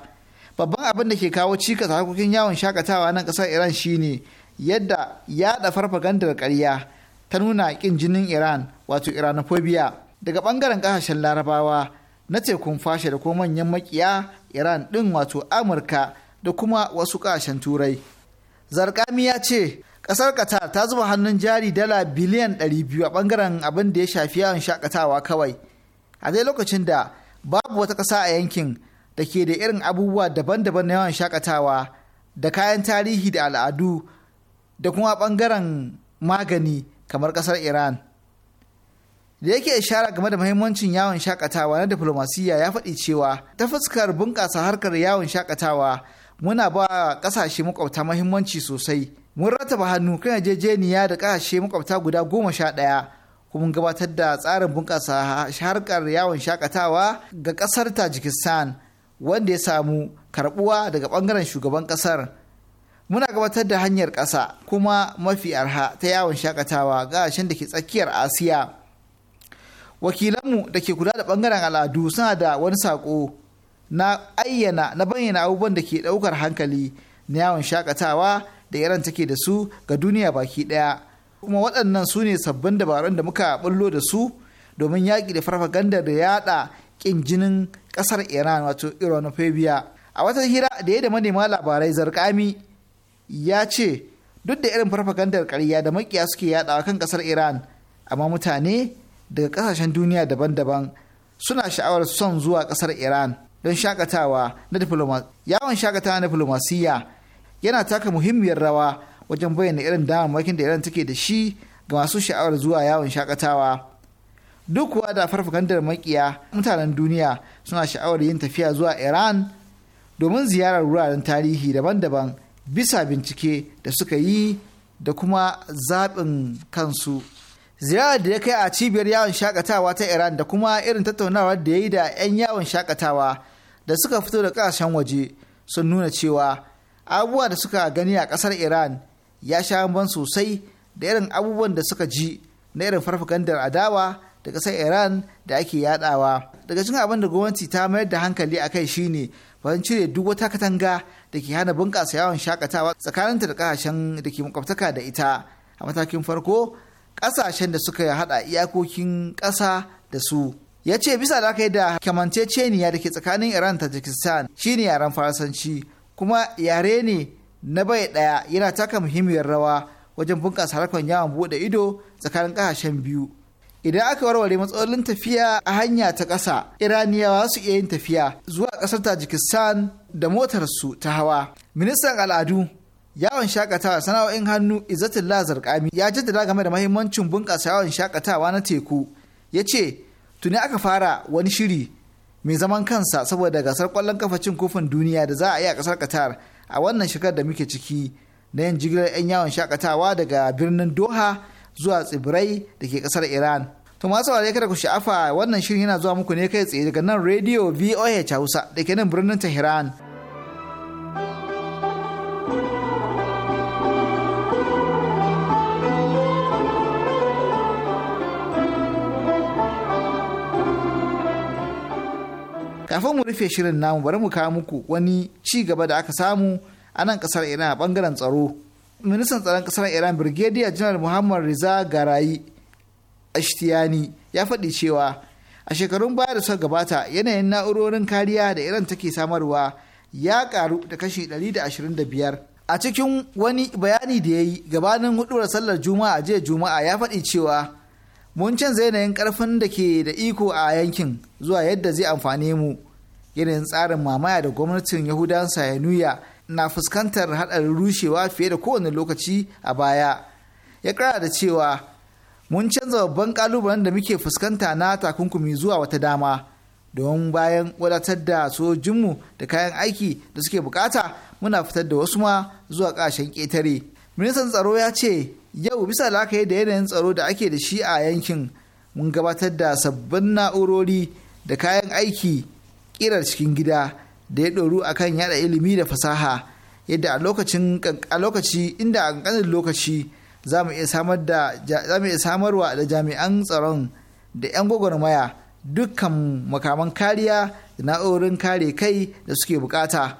babban abin da ke kawo cikas harkokin yawon shakatawa nan kasar iran shine yadda yada farfagandar karya ta nuna kin jinin iran wato iranophobia daga bangaren ƙasashen larabawa na tekun fashe da kuma manyan makiya iran din wato amurka da kuma wasu kasashen turai zarkami ya ce ƙasar qatar ta zuba hannun jari dala biliyan 200 a bangaren abin da ya shafi yawon shakatawa kawai a dai lokacin da babu wata ƙasa a yankin da ke da irin abubuwa daban-daban na yawan shakatawa da kayan tarihi da al'adu da kuma ɓangaren magani kamar ƙasar iran da yake ishara game da mahimmancin yawon shakatawa na diflomasiyya ya faɗi cewa ta fuskar bunƙasa harkar yawon shakatawa muna ba ƙasashe makwabta mahimmanci sosai mun rataba hannu kan yarjejeniya da ƙasashe makwabta guda goma sha ɗaya kuma gabatar da tsarin bunƙasa harkar yawon shakatawa ga ƙasar tajikistan wanda ya samu karbuwa daga bangaren shugaban kasar muna gabatar da hanyar kasa kuma mafi arha ta yawon shakatawa ga da ke tsakiyar asiya wakilanmu da ke kula da bangaren al'adu suna da wani sako na ayyana na bayyana abubuwan da ke daukar hankali na yawon shakatawa da iran take da su ga duniya baki daya kuma waɗannan su ne sabbin dabarun da muka bullo da su domin yaƙi da farfaganda da yaɗa kin jinin kasar iran wato iranophobia a wata hira da ya da manema labarai zarkami ya ce duk da irin farfagandar karya da makiya suke yadawa kan kasar iran amma mutane daga kasashen duniya daban-daban suna sha'awar son zuwa kasar iran don shakatawa na yawon shakatawa na diplomasiya yana taka muhimmiyar rawa wajen bayyana irin damammakin da iran take da shi ga masu sha'awar zuwa yawon shakatawa duk kuwa da farfagandar makiya mutanen duniya suna sha'awar yin tafiya zuwa iran domin ziyarar wuraren tarihi daban-daban bisa bincike da suka yi da kuma zaɓin kansu ziyarar da ya kai a cibiyar yawon shakatawa ta iran da kuma irin tattaunawar da ya yi da 'yan yawon shakatawa da suka fito da ƙasashen waje sun nuna cewa abubuwa da suka gani a ƙasar iran ya sha ban sosai da irin abubuwan da suka ji na irin farfagandar adawa da ƙasar iran da ake yadawa daga cikin abin da gwamnati ta mayar da hankali a kai shine bayan cire duk wata katanga da ke hana bunƙasa yawon shakatawa tsakaninta da ƙasashen da ke makwabtaka da ita a matakin farko ƙasashen da suka haɗa iyakokin ƙasa da su ya ce bisa da aka yi da kamanceceniya da ke tsakanin iran da tajikistan shine yaren faransanci kuma yare ne na bai ɗaya yana taka muhimmiyar rawa wajen bunƙasa harkar yawon buɗe ido tsakanin ƙasashen biyu idan aka warware matsalolin tafiya a hanya ta ƙasa iraniyawa su iya yin tafiya zuwa ƙasar tajikistan da motarsu ta hawa ministan al'adu yawon shakatawa sana'o'in hannu lazar kami ya jaddada game da mahimmancin bunƙasa yawon shakatawa na teku ya ce tuni aka fara wani shiri mai zaman kansa saboda gasar ƙwallon kafa cin kofin duniya da za a yi a ƙasar qatar a wannan shekarar da muke ciki na yin jigilar 'yan yawon shakatawa daga birnin doha zuwa tsibirai da ke kasar Iran. To masu wale kada ku sha'afa wannan shirin yana zuwa muku ne kai tsaye daga nan Radio VOH Hausa da ke nan birnin Tehran. Kafin mu rufe shirin namu bari mu kawo muku wani ci gaba da aka samu a nan kasar Iran a bangaren tsaro. ministan tsaron kasar iran brigadier janar muhammad riza garayi ashtiyani ya faɗi cewa a shekarun baya da suka gabata yanayin na'urorin kariya da iran take samarwa ya karu da kashi 125 a cikin wani bayani da ya yi gabanin hudura sallar juma'a jiya juma'a ya faɗi cewa mun canza yanayin karfin da ke da iko a yankin zuwa yadda zai amfane mu yanayin tsarin mamaya da gwamnatin yahudan sayanuya na fuskantar haɗarin rushewa fiye da kowane lokaci a baya ya kara da cewa mun canza babban ƙalubalen da muke fuskanta na takunkumi zuwa wata dama don bayan wadatar da sojinmu da kayan aiki da suke bukata muna fitar da wasu ma zuwa ƙashen ƙetare ministan tsaro ya ce yau bisa la'akari da yanayin tsaro da ake da shi a yankin mun gabatar da sabbin na'urori da kayan aiki ƙirar cikin gida da ya ɗoru a kan yada ilimi da fasaha yadda a lokacin lokaci inda a ƙanƙanin lokaci za mu iya samarwa da jami'an tsaron da 'yan gwagwarmaya dukkan makaman kariya da na'urorin kare kai da suke bukata.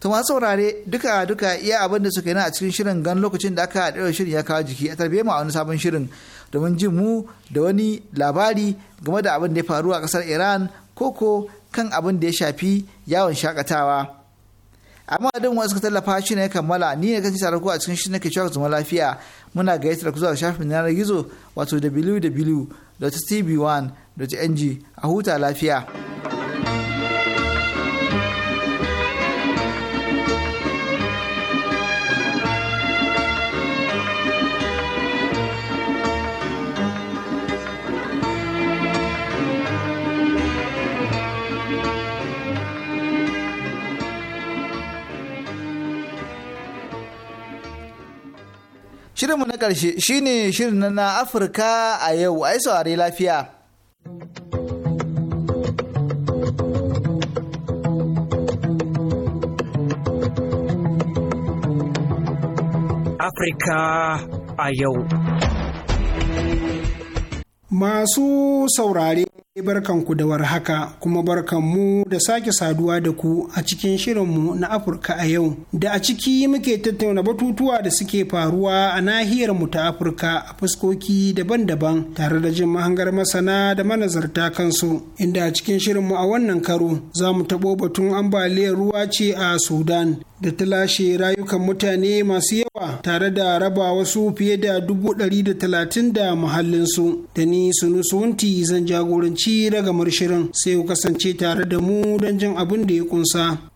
to masu saurare duka duka iya abin da suka yi a cikin shirin gan lokacin da aka ɗaura shirin ya kawo jiki a tarbe mu a wani sabon shirin domin jin mu da wani labari game da abin da ya faru a ƙasar iran koko kan abin da ya shafi yawon shakatawa amma adin wani suka tallafa shi ne kammala ni ne kasance tare ku a cikin shi nake cewa zama lafiya muna gayyatar ku zuwa shafin yanar gizo wato www.tv1.ng a huta lafiya. Shirinmu na ƙarshe shine shirin na Afirka a yau, ai saurari lafiya. Afirka a yau. Masu saurare Eh, ku da warhaka kuma barkan mu da sake saduwa da ku a cikin shirinmu na Afirka a yau da a ciki muke tattauna batutuwa da suke faruwa a nahiyar mu ta Afirka a fuskoki daban-daban tare da jin mahangar masana da manazarta kansu inda a cikin shirinmu a wannan karo za mu taɓo batun ambaliyar ruwa ce a Sudan da ta lashe rayukan mutane masu yawa mutuwa tare da raba wasu fiye da dubu ɗari da talatin da muhallinsu da ni sunu zan jagoranci ragamar shirin sai ku kasance tare da mu don jin abin da ya kunsa.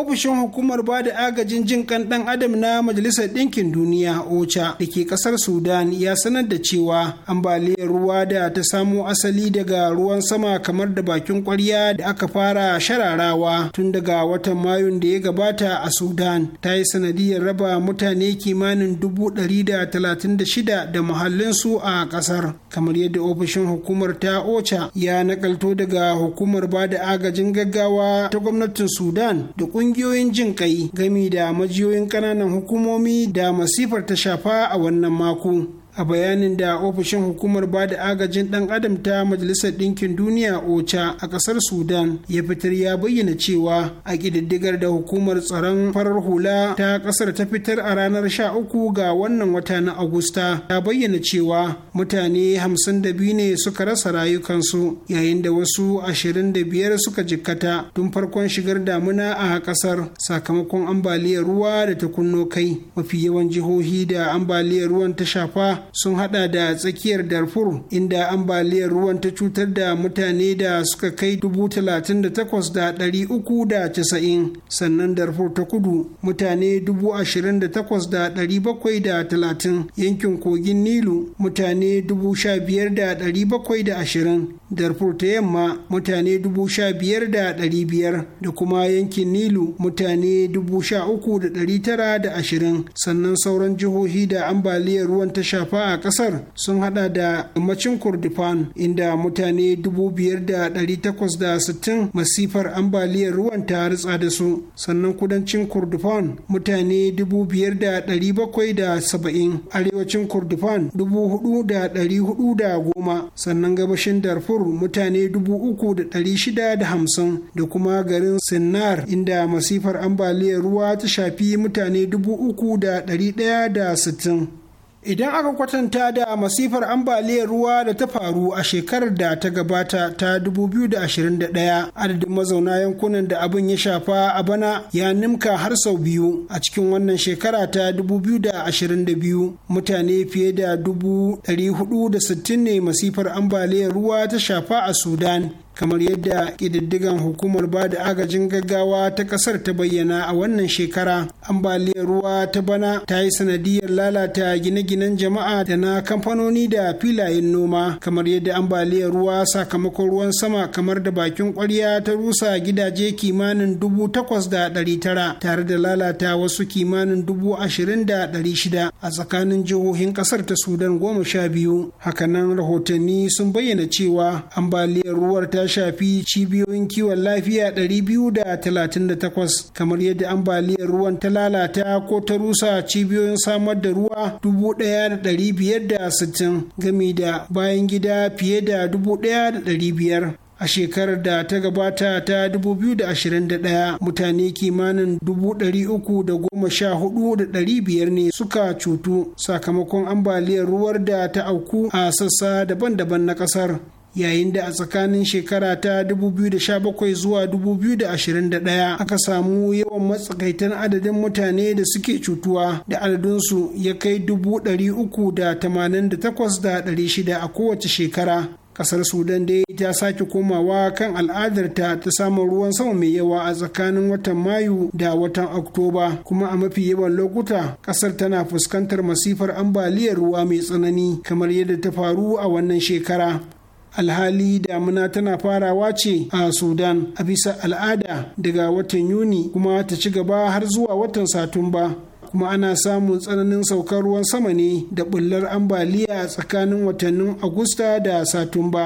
ofishin hukumar ba da agajin jin kan dan adam na majalisar ɗinkin duniya ocha da ke ƙasar sudan ya sanar da cewa ambaliyar ruwa da ta samo asali daga ruwan sama kamar da bakin kwarya da aka fara shararawa tun daga watan mayun da ya gabata a sudan ta yi sanadiyar raba mutane kimanin dubu ɗari da talatin da shida da muhallinsu a ƙasar kamar yadda ofishin hukumar ta ocha ya nakalto daga hukumar ba da agajin gaggawa ta gwamnatin sudan da ƙungiyar ƙungiyoyin jin kai gami da majiyoyin ƙananan hukumomi da masifar ta shafa a wannan mako. a bayanin da ofishin hukumar ba da agajin dan adam ta majalisar ɗinkin duniya ocha a ƙasar sudan ya fitar ya bayyana cewa a ƙididdigar da hukumar tsaron farar hula ta ƙasar ta fitar a ranar 13 ga wannan wata na agusta ta bayyana cewa mutane 52 ne suka rasa rayukansu yayin da wasu 25 suka jikkata tun farkon shigar damuna a ƙasar sakamakon ambaliyar ruwa da ta kunno kai mafi yawan jihohi da ambaliyar ruwan ta shafa sun hada da tsakiyar darfur inda ambaliyar ruwan ta cutar da mutane da suka kai 38,390 sannan darfur ta kudu mutane 28,730 yankin kogin nilu mutane 15,720 darfur ta yamma mutane 15,500 da kuma yankin nilu mutane ashirin, sannan sauran jihohi da ambaliyar ruwan ta shafi shafa a kasar sun hada da yammacin kurdifan inda mutane 5,860 masifar ambaliyar ruwan ta ritsa da su sannan kudancin kurdifan mutane 5,770 arewacin kurdifan 4,410 sannan gabashin darfur mutane 3,650 da kuma garin sinnar inda masifar ambaliyar ruwa ta shafi mutane 3,160 Idan aka kwatanta da masifar ambaliyar ruwa da ta faru a shekarar da ta gabata ta 2021 adadin mazauna yankunan da abin ya shafa a bana ya nimka har sau biyu a cikin wannan shekara ta 2022 mutane fiye da 460 ne masifar ambaliyar ruwa ta shafa a Sudan kamar yadda ƙididdigan hukumar ba da agajin gaggawa ta ƙasar ta bayyana a wannan shekara ambaliyar ruwa ta bana ta yi sanadiyar lalata gine-ginen jama'a da na kamfanoni da filayen noma kamar yadda ambaliyar ruwa sakamakon ruwan sama kamar da bakin ƙwarya ta rusa gidaje kimanin dubu takwas da ɗari tara tare da lalata wasu kimanin dubu ashirin da ɗari shida a tsakanin jihohin ƙasar ta sudan goma sha biyu hakanan rahotanni sun bayyana cewa ambaliyar ruwar ta ta shafi cibiyoyin kiwon lafiya 238 kamar yadda ambaliyar ruwan ta lalata ko ta rusa cibiyoyin samar da ruwa 1,560 gami da bayan gida fiye da 1,500. a shekarar da ta gabata ta 2021 mutane kimanin 314,500 ne suka cutu sakamakon ambaliyar ruwar da ta auku a sassa daban-daban na kasar yayin da a tsakanin shekara ta 2017 zuwa 2021 aka samu yawan matsakaitan adadin mutane da suke cutuwa da aladunsu ya kai 388,600 a kowace shekara kasar sudan dai ta sake komawa kan al'adarta ta samun ruwan sama mai yawa a tsakanin watan mayu da watan oktoba kuma a mafi yawan lokuta kasar tana fuskantar masifar ambaliyar ruwa mai tsanani kamar yadda ta faru a wannan shekara alhali damuna tana farawa ce a sudan a bisa al'ada daga watan yuni kuma ta ci gaba har zuwa watan satumba kuma ana samun tsananin saukar ruwan sama ne da bullar ambaliya tsakanin watannin agusta da satumba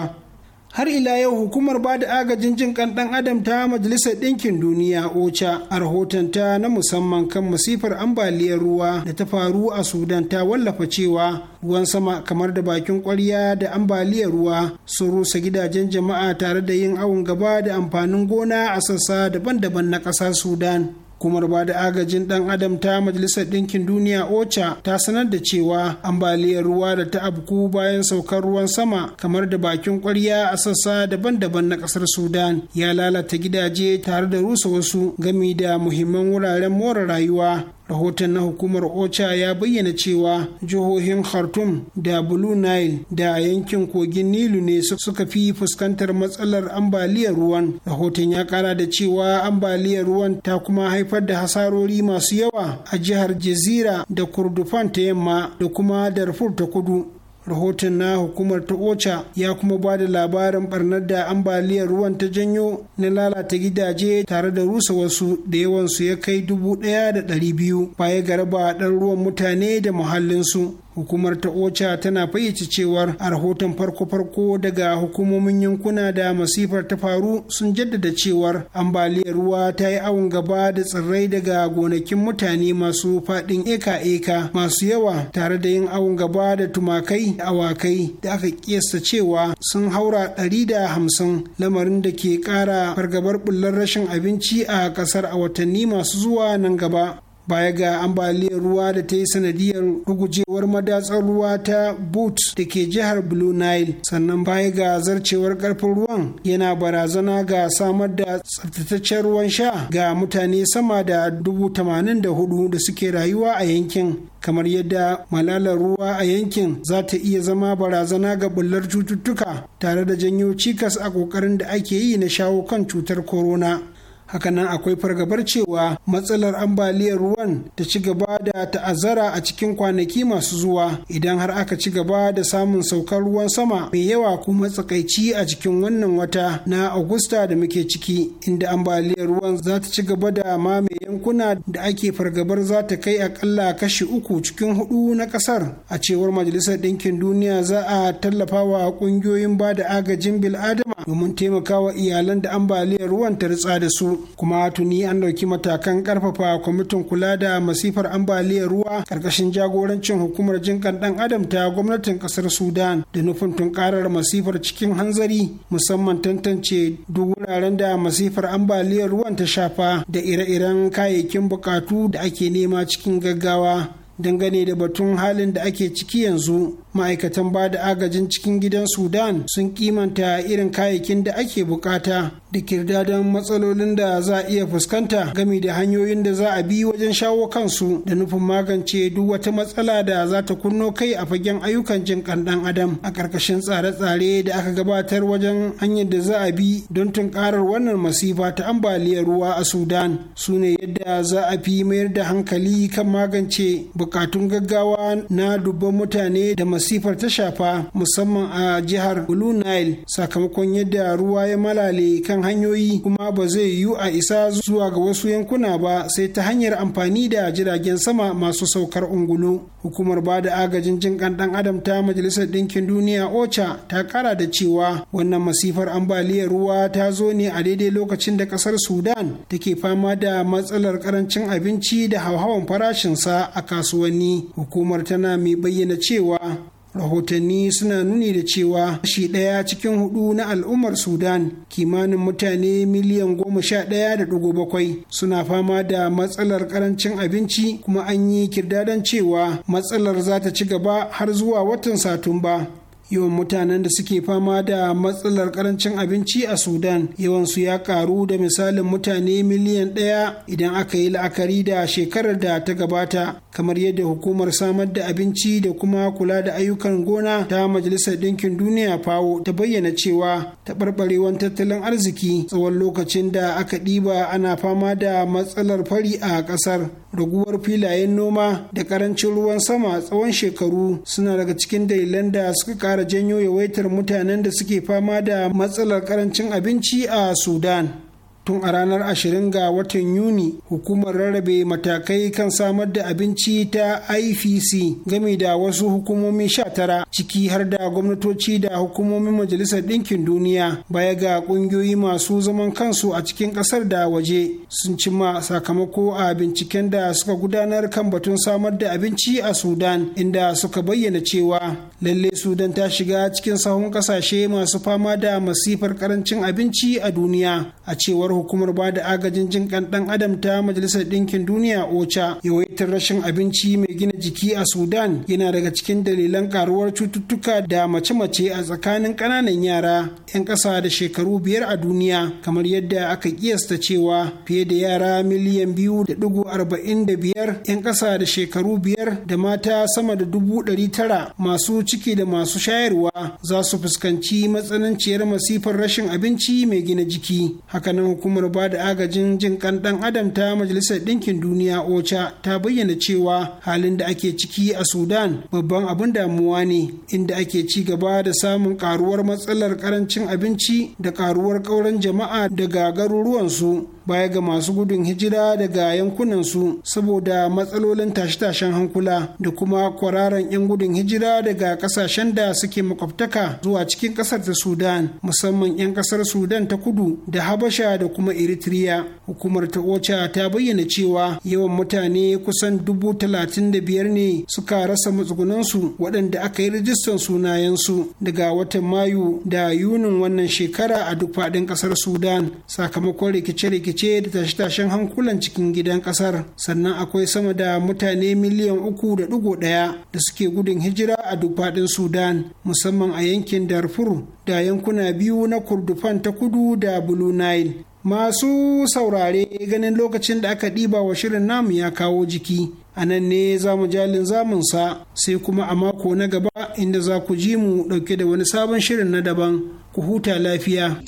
har ila yau hukumar ba da agajin jin kan dan adam ta majalisar ɗinkin duniya ocha a rahotonta na musamman kan masifar ambaliyar ruwa da ta faru a sudan ta wallafa cewa ruwan sama kamar da bakin kwarya da ambaliyar ruwa sun rusa gidajen jama'a tare da yin awon gaba da amfanin gona a sassa daban-daban na ƙasar sudan hukumar ba da agajin dan adam ta majalisar ɗinkin duniya ocha ta sanar da cewa ambaliyar ruwa da ta abku bayan saukar ruwan sama kamar da bakin kwarya a sassa daban-daban na ƙasar sudan ya lalata gidaje tare da rusa wasu gami da muhimman wuraren more rayuwa rahoton na hukumar ocha ya bayyana cewa jihohin khartoum da blue nile da yankin kogin nilu ne suka fi fuskantar matsalar ambaliyar ruwan rahoton ya kara da cewa ambaliyar ruwan ta kuma haifar da hasarori masu yawa a jihar jazira da kurdufan ta yamma da kuma darfur ta kudu rahoton na hukumar ta ocha ya kuma ba da labarin barnar da ambaliyar ruwan ta janyo na lalata gidaje tare da rusa wasu da yawansu ya kai dubu ɗaya da ɗari biyu baya ga raba ɗan ruwan mutane da muhallinsu hukumar ta ocha tana fayyace cewar a rahoton farko-farko daga hukumomin yankuna da masifar ta faru sun jaddada cewar ambaliyar ruwa ta yi awon gaba da tsirrai daga gonakin mutane masu faɗin eka-eka masu yawa tare da yin awon gaba da tumakai da awakai da aka kiyasta cewa sun haura ɗari da hamsin lamarin da ke ƙara fargabar bullar rashin abinci a ƙasar a watanni masu zuwa nan gaba baya ga ambaliyar ruwa da ta yi sanadiyar rugujewar madatsar ruwa ta boot da ke jihar blue nile sannan baya ga zarcewar karfin ruwan yana barazana ga samar da tsaftataccen ruwan sha ga mutane sama da dubu tamanin da hudu da suke rayuwa a yankin kamar yadda malalar ruwa a yankin za ta iya zama barazana ga bullar cututtuka tare da janyo cikas a kokarin da ake yi na shawo kan cutar corona. hakanan akwai fargabar cewa matsalar ambaliyar ruwan ta ci gaba da ta'azzara a cikin kwanaki masu zuwa idan har aka ci gaba da samun saukar ruwan sama mai yawa kuma tsakaici a cikin wannan wata na agusta da muke ciki inda ambaliyar ruwan za ta ci gaba da mamaye yankuna da ake fargabar za ta kai akalla kashi uku cikin hudu na kasar a cewar majalisar ɗinkin duniya za a tallafa wa ƙungiyoyin ba da agajin bil'adama domin taimakawa iyalan da ambaliyar ruwan ta ritsa da su kuma tuni an ɗauki matakan ƙarfafa kwamitin kula da masifar ambaliyar ruwa ƙarƙashin jagorancin hukumar jinƙan ɗan adam ta gwamnatin ƙasar sudan da nufin tunkarar masifar cikin hanzari musamman tantance duk wuraren da masifar ambaliyar ruwan ta shafa da ire-iren kayayyakin buƙatu da ake nema cikin gaggawa dangane da batun halin da ake ciki yanzu ma'aikatan ba da agajin cikin gidan sudan sun kimanta irin kayayyakin da ake bukata da kirdadan matsalolin da za a iya fuskanta gami da hanyoyin da za a bi wajen shawo kansu da nufin magance duk wata matsala da za ta kunno kai a fagen ayyukan jin kan dan adam a ƙarƙashin tsare-tsare da aka gabatar wajen hanyar da za a bi don tunkarar wannan masifa ta ambaliyar ruwa a sudan su ne yadda za a fi mayar da hankali kan magance bukatun gaggawa na dubban mutane da masu masifar ta shafa musamman a jihar Blue Nile sakamakon yadda ruwa ya malale kan hanyoyi kuma ba zai yiwu a isa zuwa ga wasu yankuna ba sai ta hanyar amfani da jiragen sama masu saukar ungulu. Hukumar ba da agajin jin kan dan adam ta Majalisar Ɗinkin Duniya OCHA ta kara da cewa wannan masifar ambaliyar ruwa ta zo ne a daidai lokacin da ƙasar Sudan take fama da matsalar karancin abinci da hauhawan farashinsa a kasuwanni. Hukumar tana mai bayyana cewa rahotanni suna nuni da cewa kashi ɗaya cikin hudu na al'ummar sudan kimanin mutane miliyan goma sha ɗaya da ɗigo bakwai suna fama da matsalar karancin abinci kuma an yi kirdadan cewa matsalar za ta ci gaba har zuwa watan satumba yawan mutanen da suke fama da matsalar karancin abinci a sudan yawan su ya karu da misalin mutane miliyan ɗaya idan aka yi la'akari da shekarar da ta gabata kamar yadda hukumar samar da abinci da kuma kula da ayyukan gona ta majalisar ɗinkin duniya fawo ta bayyana cewa taɓarɓarewar tattalin arziki tsawon lokacin da aka ɗiba ana fama da matsalar fari a ƙasar raguwar filayen noma da ƙarancin ruwan sama tsawon shekaru suna daga cikin dalilan da suka ƙara janyo yawaitar mutanen da suke fama da matsalar karancin abinci a Sudan. tun a ranar 20 ga watan yuni hukumar rarrabe matakai kan samar da abinci ta ipc game da wasu hukumomi 19 ciki har da gwamnatoci da hukumomin majalisar ɗinkin duniya baya ga ƙungiyoyi masu zaman kansu a cikin ƙasar da waje sun cimma sakamako a binciken da suka gudanar kan batun samar da abinci a sudan inda suka bayyana cewa lalle sudan ta shiga cikin sahun ƙasashe masu fama da masifar ƙarancin abinci a duniya a cewar hukumar ba da agajin jin kan dan adam ta majalisar ɗinkin duniya ocha yawaitar rashin abinci mai gina jiki a sudan yana daga cikin dalilan karuwar cututtuka da mace-mace a tsakanin ƙananan yara 'yan ƙasa da shekaru biyar a duniya kamar yadda aka kiyasta cewa fiye da yara miliyan biyu da dugu arba'in da biyar 'yan ƙasa da shekaru biyar da mata sama da dubu ɗari tara masu ciki da masu shayarwa za su fuskanci matsananciyar masifar rashin abinci mai gina jiki hakanan hukumar ba da agajin jin kan dan adam ta majalisar ɗinkin duniya ocha ta bayyana cewa halin da ake ciki a sudan babban abin damuwa ne inda ake ci gaba da samun karuwar matsalar karancin abinci da karuwar kauran jama'a daga garuruwansu baya ga masu gudun hijira daga yankunansu saboda matsalolin tashe-tashen hankula da kuma kwararan 'yan gudun hijira daga kasashen da suke makwabtaka zuwa cikin kasar ta sudan musamman 'yan kasar sudan ta kudu da habasha da kuma eritrea hukumar ta ocha ta bayyana cewa yawan mutane kusan dubu talatin da biyar ne suka rasa matsugunansu waɗanda aka yi rijistan sunayensu daga watan mayu da yunin wannan shekara a duk faɗin kasar sudan sakamakon rikice-rikice rikice da tashe-tashen hankulan cikin gidan kasar sannan akwai sama da mutane miliyan uku da dugo ɗaya da suke gudun hijira a duk faɗin sudan musamman a yankin darfur da yankuna biyu na kurdufan ta kudu da blue nile masu saurare ganin lokacin da aka ɗiba wa shirin namu ya kawo jiki a nan ne za mu jalin zamunsa sai kuma a mako na gaba inda za ku ji mu ɗauke da wani sabon shirin na daban ku huta lafiya.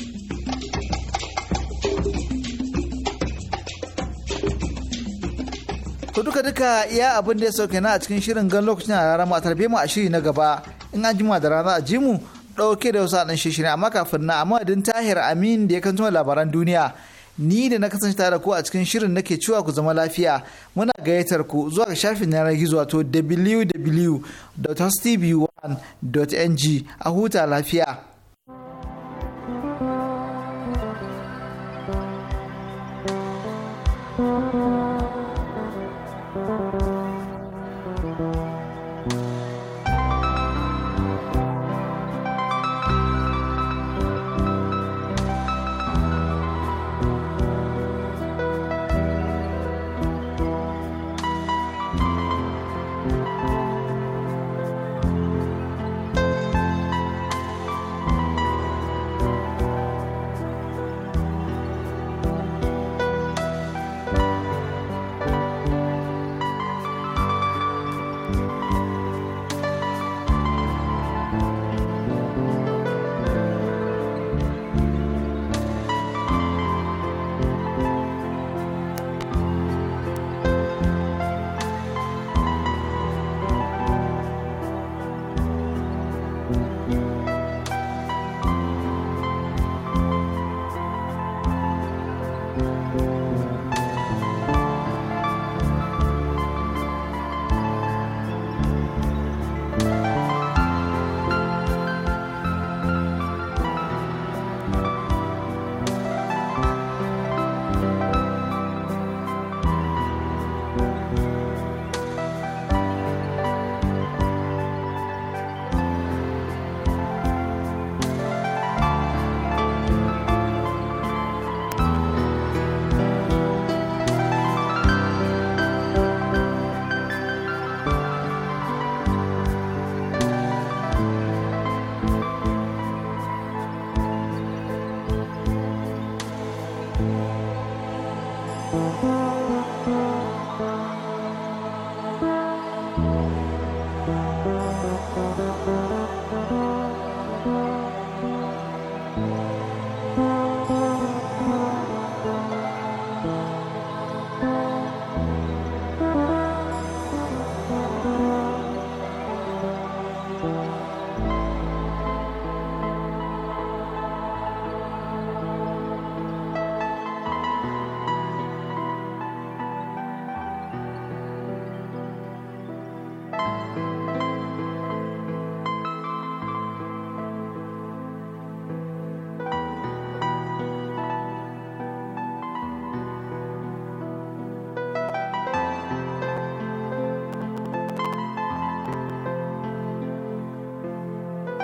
Ku duka duka iya abin da ya sauke na a cikin shirin gan lokacin a rara matar mu a shiri na gaba in an jima da rana a ji mu ɗauke da wasu ɗan shirin amma kafin na amma din tahir amin da ya kan labaran duniya ni da na kasance tare da ku a cikin shirin nake cewa ku zama lafiya muna gayyatar ku zuwa ga shafin yanar gizo wato www.hostv1.ng a huta lafiya